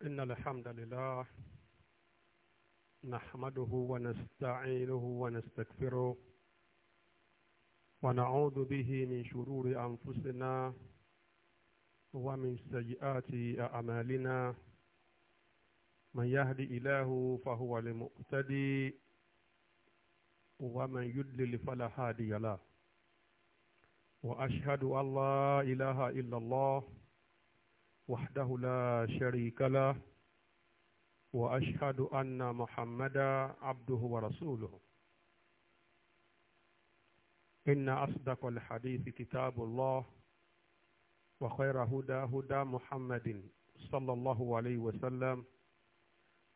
إن الحمد لله نحمده ونستعينه ونستغفره ونعوذ به من شرور أنفسنا ومن سيئات أعمالنا من يهدي إله فهو المقتدي ومن يدلل فلا هادي له وأشهد أن لا إله إلا الله وحده لا شريك له وأشهد أن محمدا عبده ورسوله إن أصدق الحديث كتاب الله وخير هدى هدى محمد صلى الله عليه وسلم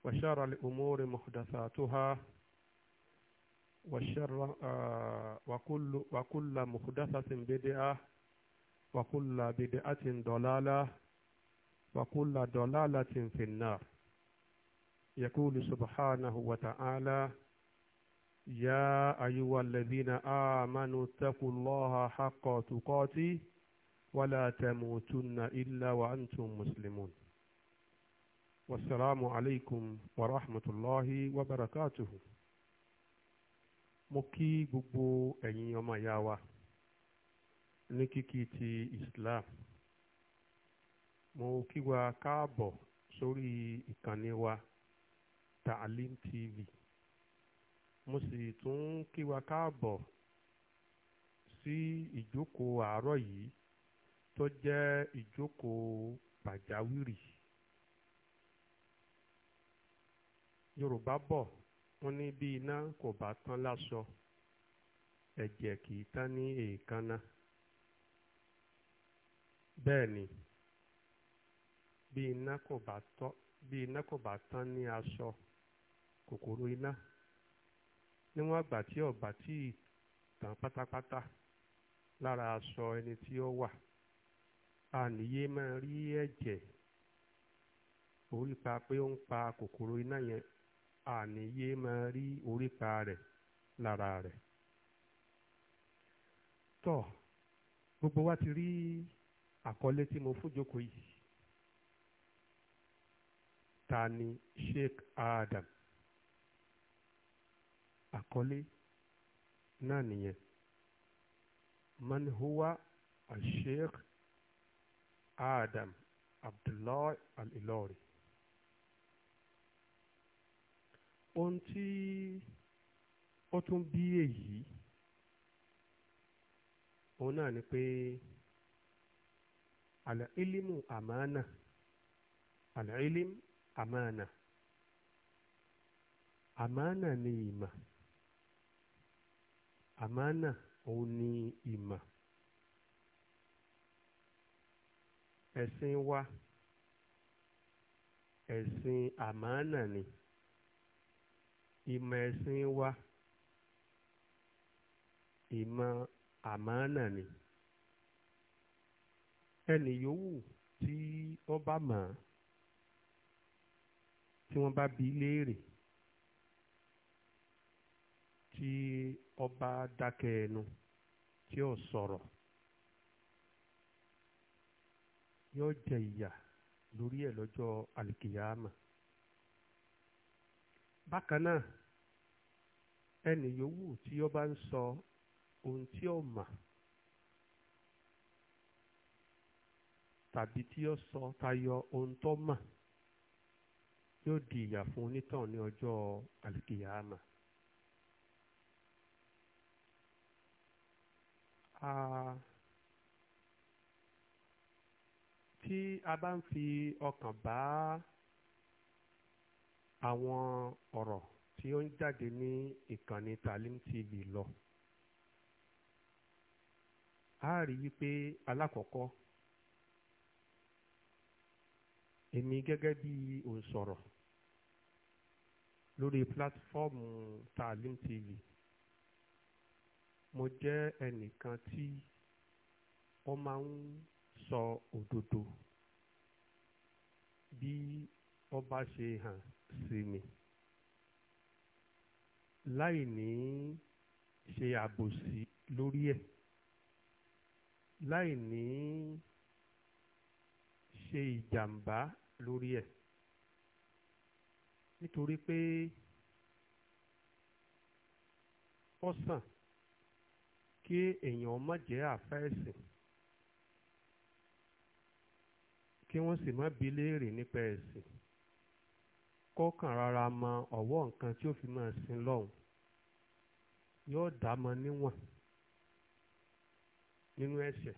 وشر الأمور محدثاتها وشر آه، وكل وكل محدثة بدعة وكل بدعة ضلالة وكل ضلالة في النار يقول سبحانه وتعالى يا أيها الذين آمنوا اتقوا الله حق تقاته ولا تموتن إلا وأنتم مسلمون والسلام عليكم ورحمة الله وبركاته mo kí gbogbo ẹ̀yin ọmọ ìyá wa ní kíkí ti Islam mo kí wa káàbọ̀ sórí ìkànnì wa Taalim TV mo sì tún kí wa káàbọ̀ sí ìjókòó àárọ̀ yìí tó jẹ́ ìjókòó pàjáwìrì Yorùbá bọ̀ wọ́n ní bí iná kò bá tán láṣọ ẹ̀jẹ̀ kì í tán ní èèkánná bẹ́ẹ̀ ni. Bẹ́ẹ̀ni bí iná kò bá tán ní aṣọ kòkòrò iná níwọ̀n àgbà tí ọ̀bà tí ì tàn pátápátá lára aṣọ ẹni tí ó wà a nìyé máa rí ẹ̀jẹ̀ orípa pé ó ń pa kòkòrò iná yẹn a nìyé máa rí orípa rẹ̀ lára rẹ̀ tọ́ gbogbo wa ti rí àkọlé tí mo fún jókòó yìí ta ni Sheikh Adam àkọlé náà nìyẹn man huwa al-Sheikh Adam Abdullahi al-Ilori ohun tí ó tún bí èyí òun náà ni pé àlà ilimu àmàna àlà ilimu Amana, Amana ni ìmọ̀ àmánà òun ni ìmọ̀ ẹ̀sìn wa ẹ̀sìn àmánà ni ìmọ̀ ẹ̀sìn wa ìmọ̀ àmánà ni ẹnì yòówù tí ó bá mọ̀ ọ́ tí wọ́n bá bi léèrè tí ọba dákẹ́ ẹnu tí ò sọ̀rọ̀ yóò jẹ ìyà lórí ẹ̀ lọ́jọ́ àlìkìyàmà bákan náà ẹnì yòówù tí ó ń sọ ohun tí ó mà tàbí tí ó sọ tayọ ohun tó mà yóò di ìyà fún onítàn ní ọjọ́ àlùkìyàmà. tí a bá ń fi ọkàn bá àwọn ọ̀rọ̀ tí ó ń jáde ní ìkànnì Talim TV lọ a rí i pé alákọ̀ọ́kọ́ èmi gẹ́gẹ́ bí òǹsọ̀rọ̀ lórí pílátífọ́ọ̀mù Taalim TV mo jẹ́ ẹnìkan tí ó máa ń sọ òdodo bí ó bá ṣe hàn sí mi láì ní ṣe àbòsí lórí ẹ̀ láì ní ṣe ìjàmbá lórí ẹ̀ nítorí pé ó sàn kí èèyàn má jẹ́ àfẹ́sìn kí wọ́n sì má bi léèrè nípa ẹ̀sìn kọ́kàn rárá mọ ọ̀wọ́ nǹkan tí ó fi máa sin lọ́hùn yóò dá mọ níwọ̀n nínú ẹ̀ṣẹ̀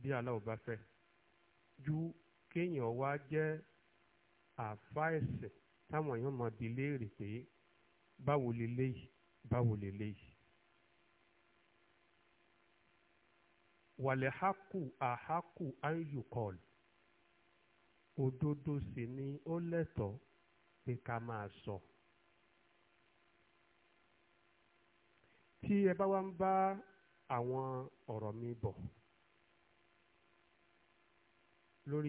bí aláwo bá fẹ́ ju kéèyàn wá jẹ́ àfáìsìn táwọn èèyàn máa bi léèrè pé báwo lè léyìí báwo lè léyìí. wàlẹ̀ hákù àhákù áyùkọ̀l òdodo sì ni ó lẹ́tọ̀ọ́ pé ká máa sọ. tí ẹ bá wá ń bá àwọn ọ̀rọ̀ mi bọ̀ lórí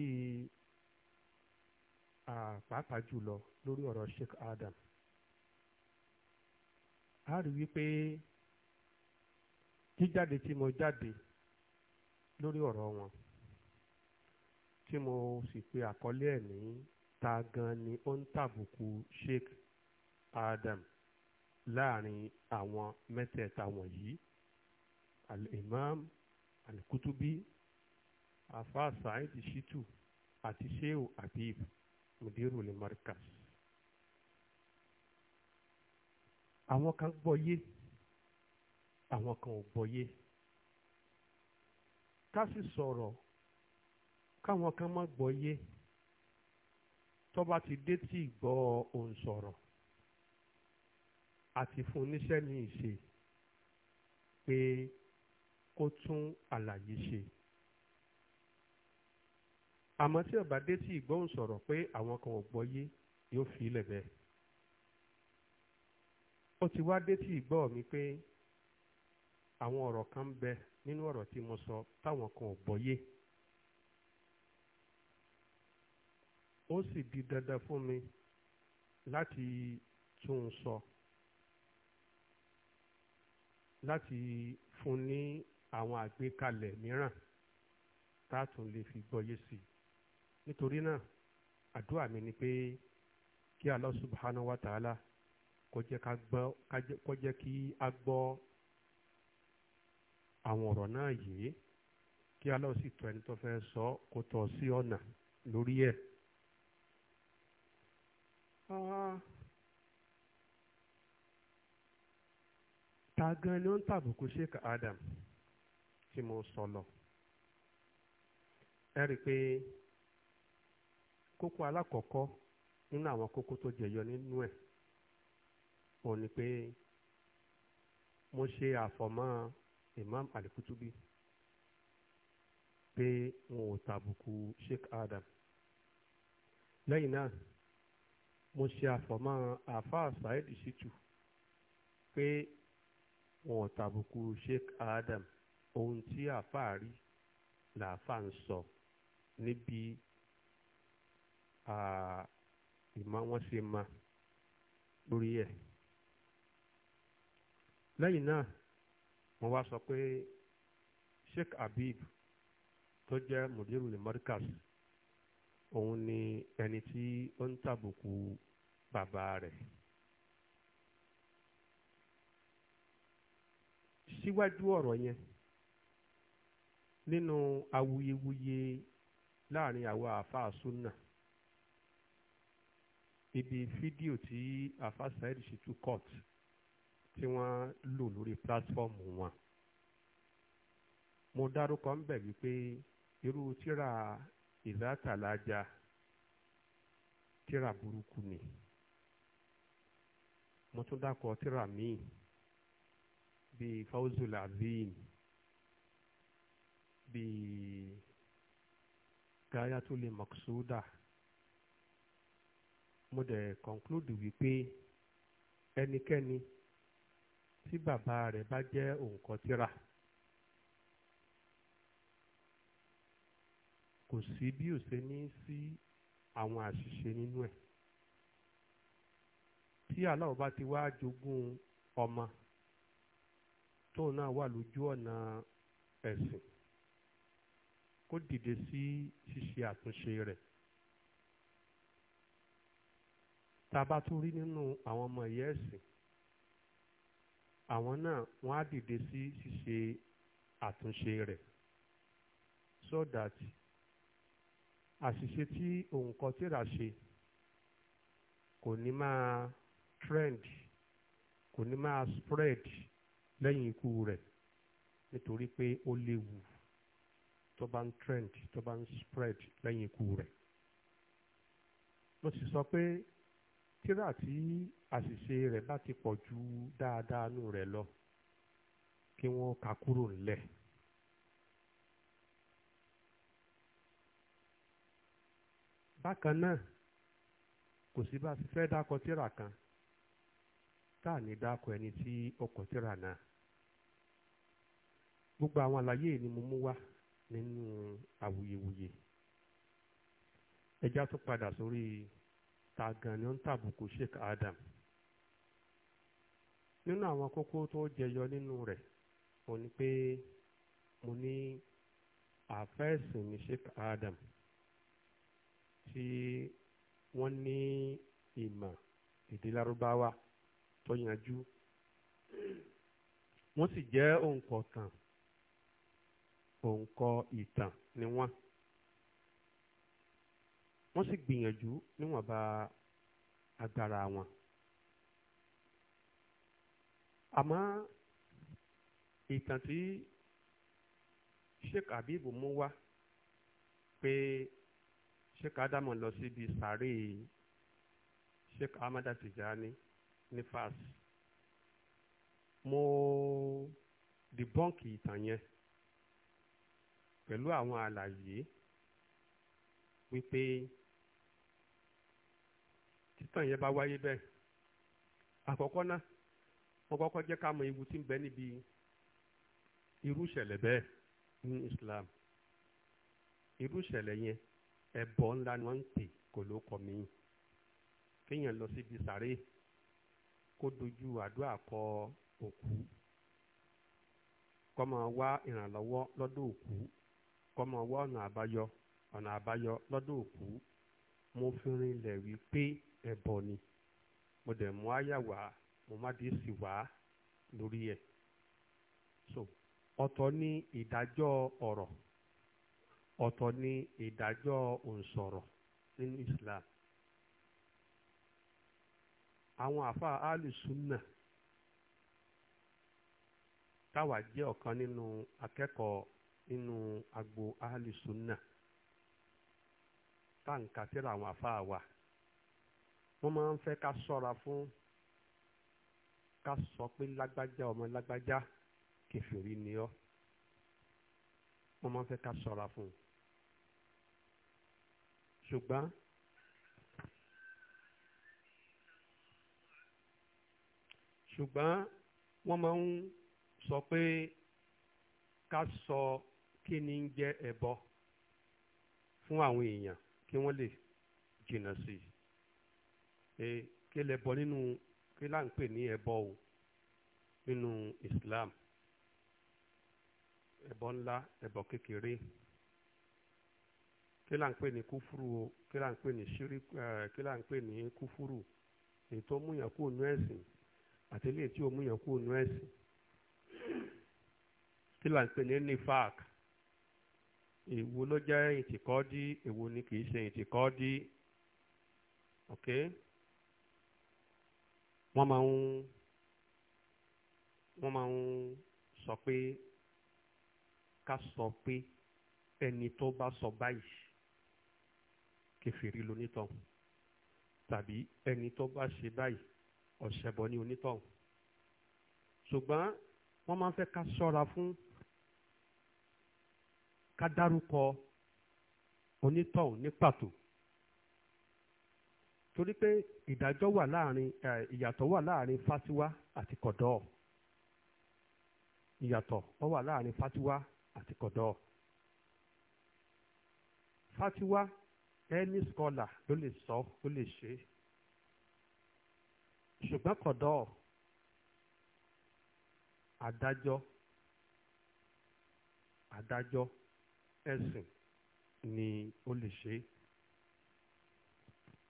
pàápàá jùlọ lórí ọ̀rọ̀ Sheikh Adam a rí wípé jíjáde tí mo jáde lórí ọ̀rọ̀ wọn tí mo sì pe àkọlé ẹ̀ ní ta gan ni ó ń tàbùkù Sheikh Adam láàrin àwọn mẹ́tẹ̀ẹ̀ta wọ̀nyí al-Imam al-Kutubi afa Said Shitu àti Sheu Habib mùdírù ní mọ́ríkà àwọn kan gbọ́yé àwọn kan ò gbọ́yé ká sì sọ̀rọ̀ káwọn kan má gbọ́yé tó bá ti dé tí gbọ́ òun sọ̀rọ̀ àti fún oníṣẹ́ ní ìṣe pé kó tún àlàyé ṣe àmọ́ tí ọba dé tí ìgbóhùn sọ̀rọ̀ pé àwọn kan ò gbọ́ yé yóò fi ilẹ̀ bẹ́ẹ̀ ó ti wá dé tí ìgbọ́ mi pé àwọn ọ̀rọ̀ kan ń bẹ nínú ọ̀rọ̀ tí mo sọ táwọn kan ò gbọ́ ó sì di dandan fún mi láti tún un sọ láti fún ní àwọn àgbékalẹ̀ mìíràn tá a tún lè fi gbọ́yé sí i nítorí náà àdúrà mi ni pé kí Allah subhanahu wa ta'ala kó jẹ́ ká kí a gbọ́ àwọn ọ̀rọ̀ náà yìí kí Allah sì tọ́ ẹni tó fẹ́ sọ kó tọ́ sí ọ̀nà lórí ẹ̀. Ah. ta gan ni ó ń tàbùkù Sheikh Adam tí mo sọ lọ ẹ rí pé kókó alákọ̀ọ́kọ́ nínú àwọn kókó tó jẹyọ nínú ẹ̀ òun ni pé mo ṣe àfọ̀mọ́ Imam Al-Kutubi pé wọn ò tàbùkù Sheikh Adam lẹ́yìn náà mo ṣe àfọ̀mọ́ àfáà Saheed Shittu pé wọn ò tàbùkù Sheikh Adam ohun tí àfáà rí làáfáà ń sọ níbi ìmọ̀ wọn ṣe mọ lórí ẹ̀ lẹ́yìn náà wọ́n wá sọ pé Sheikh Habib tó jẹ́ mùdírù ní Markaz òun ni ẹni tí ó ń tàbùkù bàbá rẹ̀. síwájú ọ̀rọ̀ yẹn nínú awuyewuye láàrin àwa àáfàá súnà ibi fídíò tí afa saheed shitu court tí wọ́n lò lórí pílátífọ́ọ̀mù wọn mo dárúkọ ń bẹ̀ wípé irú tíra ìzátàlájà tíra burúkú ni mo tún dákọ tíra míì bíi fawzul azim bíi gayatul mo dẹ̀ conclude wípé ẹnikẹ́ni tí bàbá rẹ̀ bá jẹ́ òǹkọtíra kò sí bí ò ṣe ní sí àwọn àṣìṣe nínú ẹ̀ tí aláwọ̀ bá ti wá jogún ọmọ tóun náà wà lójú ọ̀nà ẹ̀sìn kó dìde sí ṣíṣe àtúnṣe rẹ̀. tába tún rí nínú àwọn ọmọ ẹ̀yẹ ẹ̀sìn àwọn náà wọ́n á dìde sí ṣíṣe àtúnṣe rẹ̀ so that àṣìṣe tí òǹkọ́ tíra ṣe kò ní máa trend kò ní máa spread lẹ́yìn ikú rẹ̀ nítorí pé ó léwu tó bá ń trend tó bá ń spread lẹ́yìn ikú rẹ̀. mo sì sọ pé tíra tí àṣìṣe rẹ̀ bá ti pọ̀ ju dáadáa nù rẹ̀ lọ kí wọ́n kà kúrò ńlẹ̀. bákan náà kò sí bá a ti fẹ́ dákọ tíra kan tá à ní dákọ ẹni tí ọkọ̀ tíra náà gbogbo àwọn àlàyé ni mo mú wá nínú awuyewuye ẹja tó padà sórí ta gan ni ó ń tàbùkù Sheikh Adam nínú àwọn kókó tó jẹyọ nínú rẹ̀ mo ní pé mo ní àfẹ́sìn ní Sheikh Adam tí wọ́n ní ìmọ̀ èdè lárúbáwá tó yanjú wọ́n sì jẹ́ òǹkọ̀tàn òǹkọ ìtàn ni wọ́n wọ́n sì gbìyànjú níwọ̀nba agbára wọn. àmọ́ ìtàn tí Sheikh Habib mú wá pé Sheikh Adamu lọ síbi sàárè Sheikh Ahmada Tijani ní Fas mo dìbọ́ǹkì ìtàn yẹn pẹ̀lú àwọn àlàyé wípé títàn yẹn bá wáyé bẹ́ẹ̀ àkọ́kọ́ náà wọ́n kọ́kọ́ jẹ́ ká mọ ewu tí ń bẹ níbi irú ìṣẹ̀lẹ̀ bẹ́ẹ̀ ní Islam irú ìṣẹ̀lẹ̀ yẹn ẹ̀bọ ńlá ni wọ́n ń pè kò ló kọ mí kéèyàn lọ síbi sàré kó dojú àdúrà kọ òkú kó máa wá ìrànlọ́wọ́ lọ́dọ̀ òkú kó máa wá ọ̀nà àbáyọ ọ̀nà àbáyọ lọ́dọ̀ òkú mo fi rinlẹ̀ wí pé ẹbọ ni mo dẹ̀ mú àyà wá mo má dé sì wá lórí ẹ̀ so ọ̀tọ̀ ni ìdájọ́ ọ̀rọ̀ ọ̀tọ̀ ni ìdájọ́ òǹsọ̀rọ̀ nínú Islam àwọn àfa alùsùnà táwa jẹ́ ọ̀kan nínú akẹ́kọ̀ọ́ nínú agbo alùsùnà táǹkà síra àwọn àfa wa. wọ́n máa ń fẹ́ ká ṣọ́ra fún ká sọ pé lágbájá ọmọ lágbájá kèfèrí ni ọ́ wọ́n máa ń fẹ́ ká ṣọ́ra fún un ṣùgbọ́n ṣùgbọ́n wọ́n máa ń sọ pé ká sọ kí ni ń jẹ́ ẹbọ fún àwọn èèyàn kí wọ́n lè jìnnà sí i pé kí lè bọ nínú kí là ń pè ní ẹbọ o nínú Islam ẹbọ ńlá ẹbọ kékeré kí là ń pè ní kúfúrú o kí là ń pè ní ṣíríkù kí là ń pè ní kúfúrú èyí tó múyàn kúrò nú ẹ̀sìn àti eléyìí tí ò múyàn kúrò nú ẹ̀sìn kí là ń pè ní nifak èwo ló jẹ́ ìtìkọ́dí èwo ni kì í ṣe ìtìkọ́dí ok wọ́n máa ń wọ́n máa ń sọ pé ká sọ pé ẹni tó bá sọ báyìí kèfèrí lonítọ̀hún tàbí ẹni tó bá ṣe báyìí ọ̀ṣẹ̀bọ ní onítọ̀hún ṣùgbọ́n wọ́n máa ń fẹ́ ká ṣọ́ra fún ká dárúkọ onítọ̀hún ní pàtó torí pé ìdájọ́ wà láàrin ìyàtọ̀ wà láàrin fásiwá àti kọ̀dọ̀ ìyàtọ̀ ó wà láàrin fásiwá àti kọ̀dọ̀ fásiwá any scholar ló lè sọ ló lè ṣe ṣùgbọ́n kọ̀dọ̀ adájọ́ adájọ́ ẹ̀sìn ni ó lè ṣe é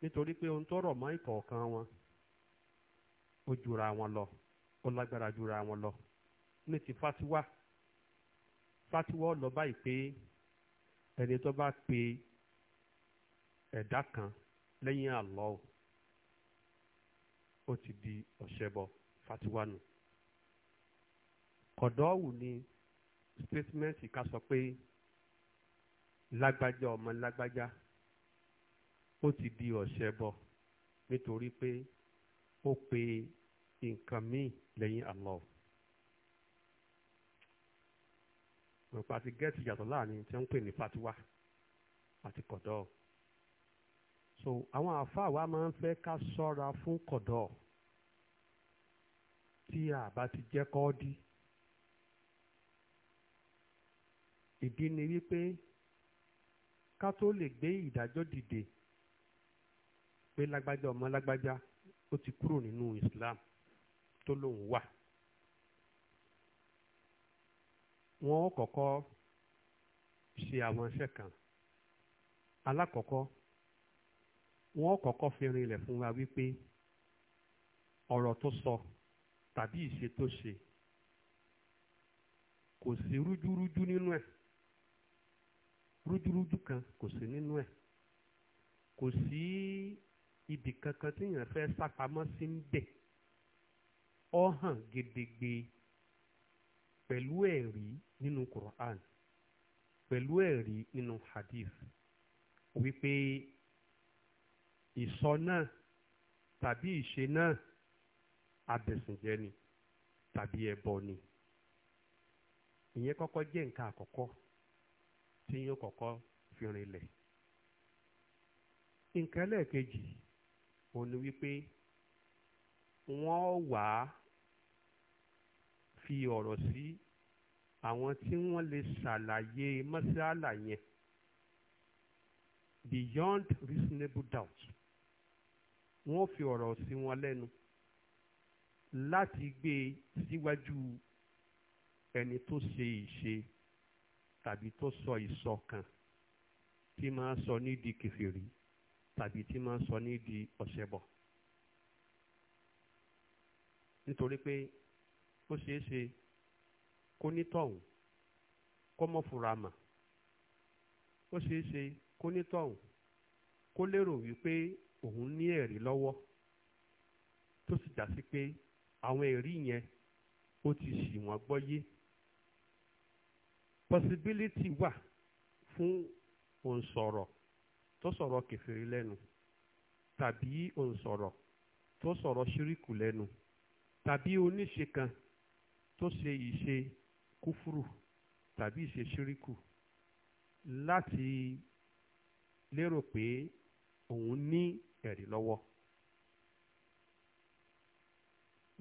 nítorí pé ohun tó rọ̀ mọ́ ìkọ̀ọ̀kan wọn ó jura wọn lọ ó lágbára jura wọn lọ ní ti fatiwa fatiwa lọ báyìí pé ẹni tó bá pe ẹ̀dá kan lẹ́yìn àlọ́ ó ti di ọ̀ṣẹ́bọ fatiwa nù kọ̀dọ́ọ̀wù ni sítétímẹ́ǹtì ká sọ pé lágbájá ọmọ lágbájá ó ti di ọ̀ṣẹbọ nítorí pé ó pe nǹkan míì lẹ́yìn Allah. òpá ti gẹ́ẹ̀tì yàtọ̀ láàrin tí wọ́n ń pè ní fatiwa àti kọ̀dọ̀ so àwọn àáfàá wa máa ń fẹ́ ká ṣọ́ra fún kọ̀dọ̀ tí a bá ti jẹ́ kọ́ dí ìdí ni wípé ká tó lè gbé ìdájọ́ dìde pé lágbájá ọmọ lágbájá ó ti kúrò nínú Islam tó lóun wà wọn ó kọ́kọ́ ṣe àwọn iṣẹ́ kan alákọ̀ọ́kọ́ wọn ó kọ́kọ́ fi rinlẹ̀ fún wa wípé ọ̀rọ̀ tó sọ tàbí ìṣe tó ṣe kò sí rújúrújú nínú ẹ̀ rújúrújú kan kò sí nínú ẹ̀ kò sí ibì kankan tí èèyàn fẹ́ sápamọ́ sí ń bẹ̀ ọ hàn gedegbe pẹ̀lú ẹ̀rí nínú Quran pẹ̀lú ẹ̀rí nínú hadith wípé ìsọ náà tàbí ìṣe náà abẹ̀sìnjẹ́ ni tàbí ẹbọ ni ìyẹn kọ́kọ́ jẹ́ nǹkan àkọ́kọ́ tí yóò kọ́kọ́ fi rinlẹ̀ nǹkan ẹlẹ́ẹ̀kejì òun ni wípé wọ́n wà á fi ọ̀rọ̀ sí àwọn tí wọ́n lè ṣàlàyé mọ́sálà yẹn beyond reasonable doubt wọ́n fi ọ̀rọ̀ sí wọn lẹ́nu láti gbé e síwájú ẹni tó ṣe ìṣe tàbí tó sọ ìsọkàn tí máa sọ nídìí kẹfìrí tàbí tí máa ń sọ ní di ọ̀ṣẹbọ nítorí pé ó ṣeé ṣe kó nítọ̀hún kó mọ́ fura mà ó ṣeé ṣe kó nítọ̀hún kó lérò wípé òun ní ẹ̀rí lọ́wọ́ tó sì já sí pé àwọn ẹ̀rí yẹn ó ti ṣì wọ́n gbọ́yé possibility wà fún òǹsọ̀rọ̀ tó sọ̀rọ̀ kèfèrí lẹ́nu tàbí òǹsọ̀rọ̀ tó sọ̀rọ̀ ṣíríkù lẹ́nu tàbí oníṣe kan tó ṣe ìṣe kúfúrù tàbí ìṣe ṣíríkù láti lérò pé òun ní ẹ̀rí lọ́wọ́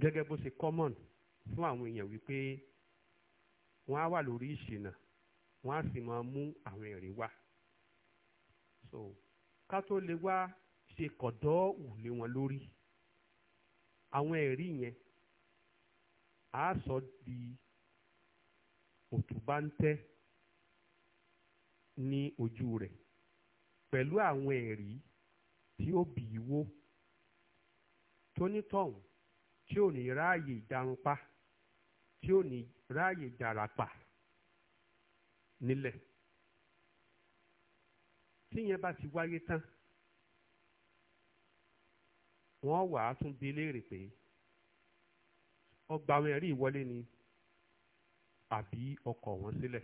gẹ́gẹ́ bó ṣe common fún àwọn èèyàn wípé wọ́n á wà lórí ìṣìnà wọ́n á sì máa mú àwọn ẹ̀rí wá so ká tó lè wá ṣe kọ̀dọ́ òlé wọn lórí àwọn ẹ̀rí yẹn á sọ di òtúbáńtẹ́ ní ojú rẹ̀ pẹ̀lú àwọn ẹ̀rí tí ó bì í wó tónítọ̀hún tí ò ní ráàyè ìdarunpa tí ò ní ráàyè ìdarapà nílẹ̀ tíyẹn bá ti wáyé tán wọ́n wà á tún bi léèrè pé ọgbà àwọn ẹ̀rí ìwọlé ni àbí ọkọ̀ wọn sílẹ̀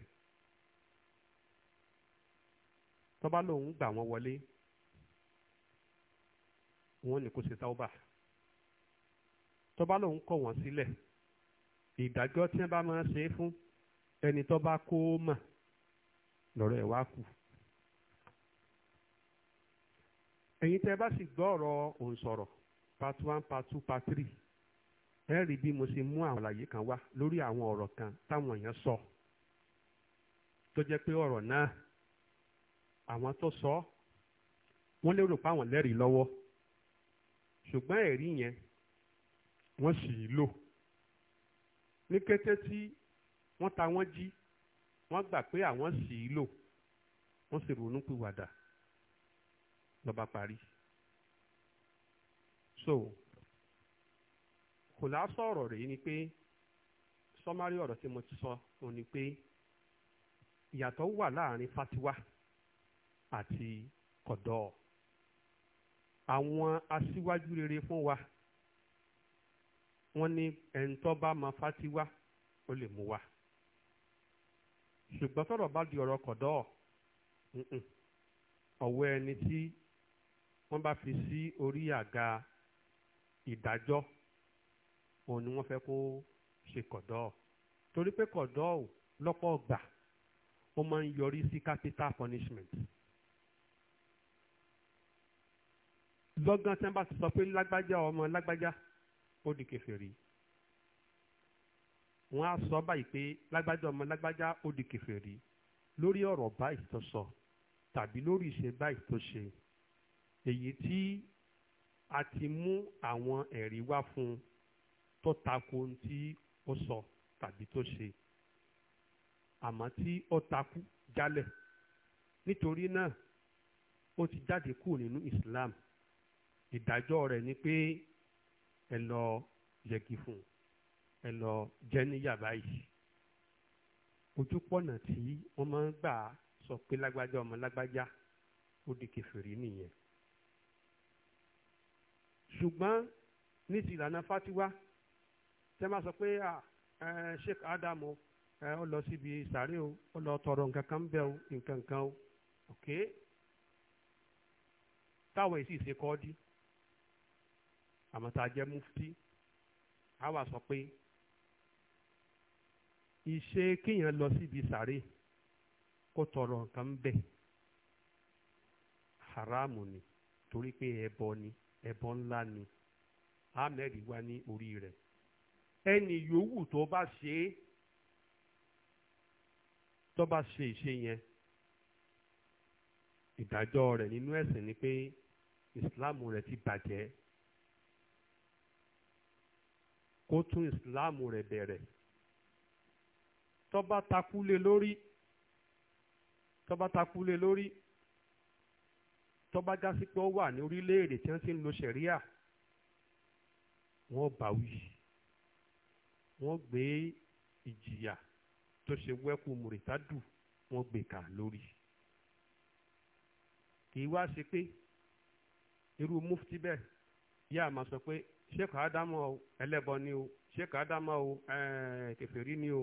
tọ́ba lòun gbà wọ́n wọlé wọ́n ní kó ṣe táwọ́bà tọ́ba lòun kọ̀ wọ́n sílẹ̀ ìdájọ́ tí wọ́n bá máa ṣe é fún ẹni tọ́ba kó mọ̀ lọ́rọ̀ ẹ̀ wá kù. ẹ̀yin tẹ́ bá sì gbọ́ ọ̀rọ̀ òun sọ̀rọ̀ part one part two part three ẹ rí bí mo ṣe mú àwọn àlàyé kan wá lórí àwọn ọ̀rọ̀ kan táwọn èèyàn sọ tó jẹ́ pé ọ̀rọ̀ náà àwọn tó sọ wọ́n lérò pé àwọn lẹ́rìí lọ́wọ́ ṣùgbọ́n ẹ̀rí yẹn wọ́n sì í lò ní kété tí wọ́n ta wọ́n jí wọ́n gbà pé àwọn sì í lò wọ́n sì ronú pìwàdà lọ́ba parí. so kò lásán ọ̀rọ̀ rèé ni pé sọ́márì ọ̀rọ̀ tí mo ti sọ òun ni pé ìyàtọ̀ wà láàrin fatiwa àti kọ̀dọ̀ àwọn aṣíwájú rere fún wa wọ́n ní ẹni tó bá mọ fatiwa ó lè mú wa ṣùgbọ́n tọ́rọ̀ bá di ọ̀rọ̀ kọ̀dọ̀ ọ̀wọ́ ẹni tí wọ́n bá fi sí orí àga ìdájọ́ òun ni wọ́n fẹ́ kó ṣe kọ̀dọ́ torí pé kọ̀dọ́ lọ́pọ̀ ọgbà ó máa ń yọrí sí capital punishment. lọ́gán tí wọ́n bá ti sọ pé lágbájá ọmọ lágbájá ó di kèfèrí wọ́n á sọ báyìí pé lágbájá ọmọ lágbájá ó di kèfèrí lórí ọ̀rọ̀ báyìí tó sọ tàbí lórí ìṣe báyìí tó ṣe èyí tí a ti mú àwọn ẹ̀rí wá fún un tó tako ohun tí ó sọ tàbí tó ṣe àmọ́ tí ó takú jálẹ̀ nítorí náà ó ti jáde kú nínú Islam ìdájọ́ rẹ̀ ni pé ẹ lọ yẹgi fún ẹ lọ jẹ níyà báyìí ojúpọ̀nà tí wọ́n máa ń gbà sọ pé lágbájá ọmọ lágbájá ó di kèfèrí nìyẹn ṣùgbọ́n ní ti ìlànà fatiwa tẹ́ máa sọ pé Sheikh Adamu o ó lọ síbi sàárè o ó lọ tọrọ nǹkan kan bẹ́ẹ̀ o nǹkan kan o ok táwọn èsì ṣe kọ́ dí àmọ́ mufti a sọ pé ìṣe kéèyàn lọ síbi sàárè kó tọrọ nǹkan bẹ́ẹ̀ haramu ni torí pé ẹbọ ni ẹbọ ńlá ni amẹ́rì wá ní orí rẹ̀ ẹni yòówù tó bá ṣe é tó bá ṣe ìṣe yẹn ìdájọ́ rẹ̀ nínú ẹ̀sìn ni pé ìsìláàmù rẹ̀ ti bàjẹ́ kó tún ìsìláàmù rẹ̀ bẹ̀rẹ̀ tó bá takú lé lórí tó bá takú lé lórí tó bá dá sí pé ó wà ní orílẹ̀-èdè tí wọ́n ti ń lo ṣẹ̀ríà wọ́n bá wí wọ́n gbé ìjìyà tó ṣe wẹ́kú mùrìtádù wọ́n gbé kà lórí kì í wá ṣe pé irú mufti bẹ́ẹ̀ yá àmà sọ pé sheikh adamu ẹlẹ́bọ ni o sheikh adamu eh, kèfèrí ni o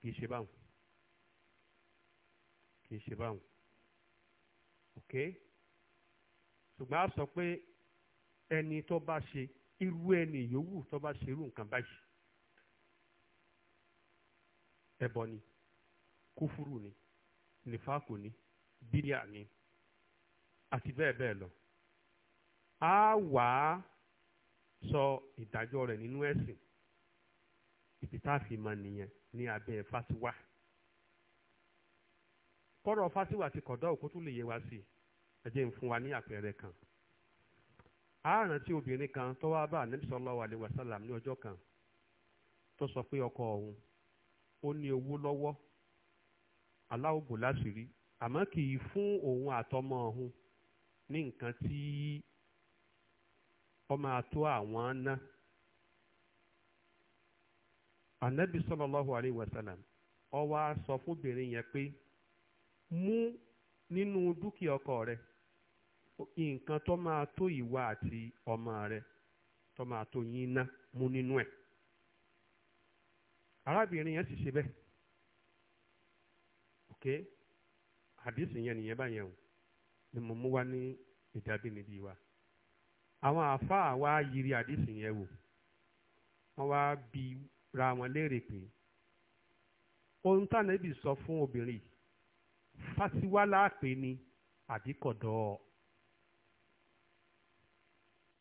kì í ṣe báwọn kì í ṣe báwọn ok ṣùgbọ́n a sọ pé ẹni tó bá ṣe irú ẹni yòówù tó bá ṣe irú nǹkan báyìí ẹbọ ni kúfúrú ni nífàkù ni bíríà ni àti bẹ́ẹ̀ bẹ́ẹ̀ lọ a wà á sọ ìdájọ́ rẹ̀ nínú ẹ̀sìn ibi nìyẹn ní abẹ́ fatiwa. kọ́rọ̀ fásiwà àti kọ̀dọ̀ òkú tún lè yé wa sí i ẹ ń fún wa ní àpẹẹrẹ kan. àárọ̀ tí obìnrin kan tó wá bá ànábì sallallahu alaihi wasallam ní ọjọ́ kan tó sọ pé ọkọ òun ó ní owó lọ́wọ́ aláwòbò láṣìírí àmọ́ kì í fún òun àtọmọ òun ní nǹkan tí ọ máa tó àwọn ná. ànábì sallallahu alaihi wasallam ó wá sọ fúnbìnrin yẹn pé mú nínú dúkìá ọkọ rẹ nǹkan tó máa tó ìwà àti ọmọ rẹ tó máa tó yín ná mú nínú ẹ̀ arábìnrin yẹn sì ṣe bẹ́ẹ̀ ok àdìsí yẹn nìyẹn báyẹn o ni mo mú wá ní ìdábí níbí wa àwọn àáfàá wa yiri àdìsí yẹn wò wọ́n wá bi ra wọn léèrè pé ohun tánàbì sọ fún obìnrin yìí fásiwá láàpẹ ni àbíkọ̀dọ̀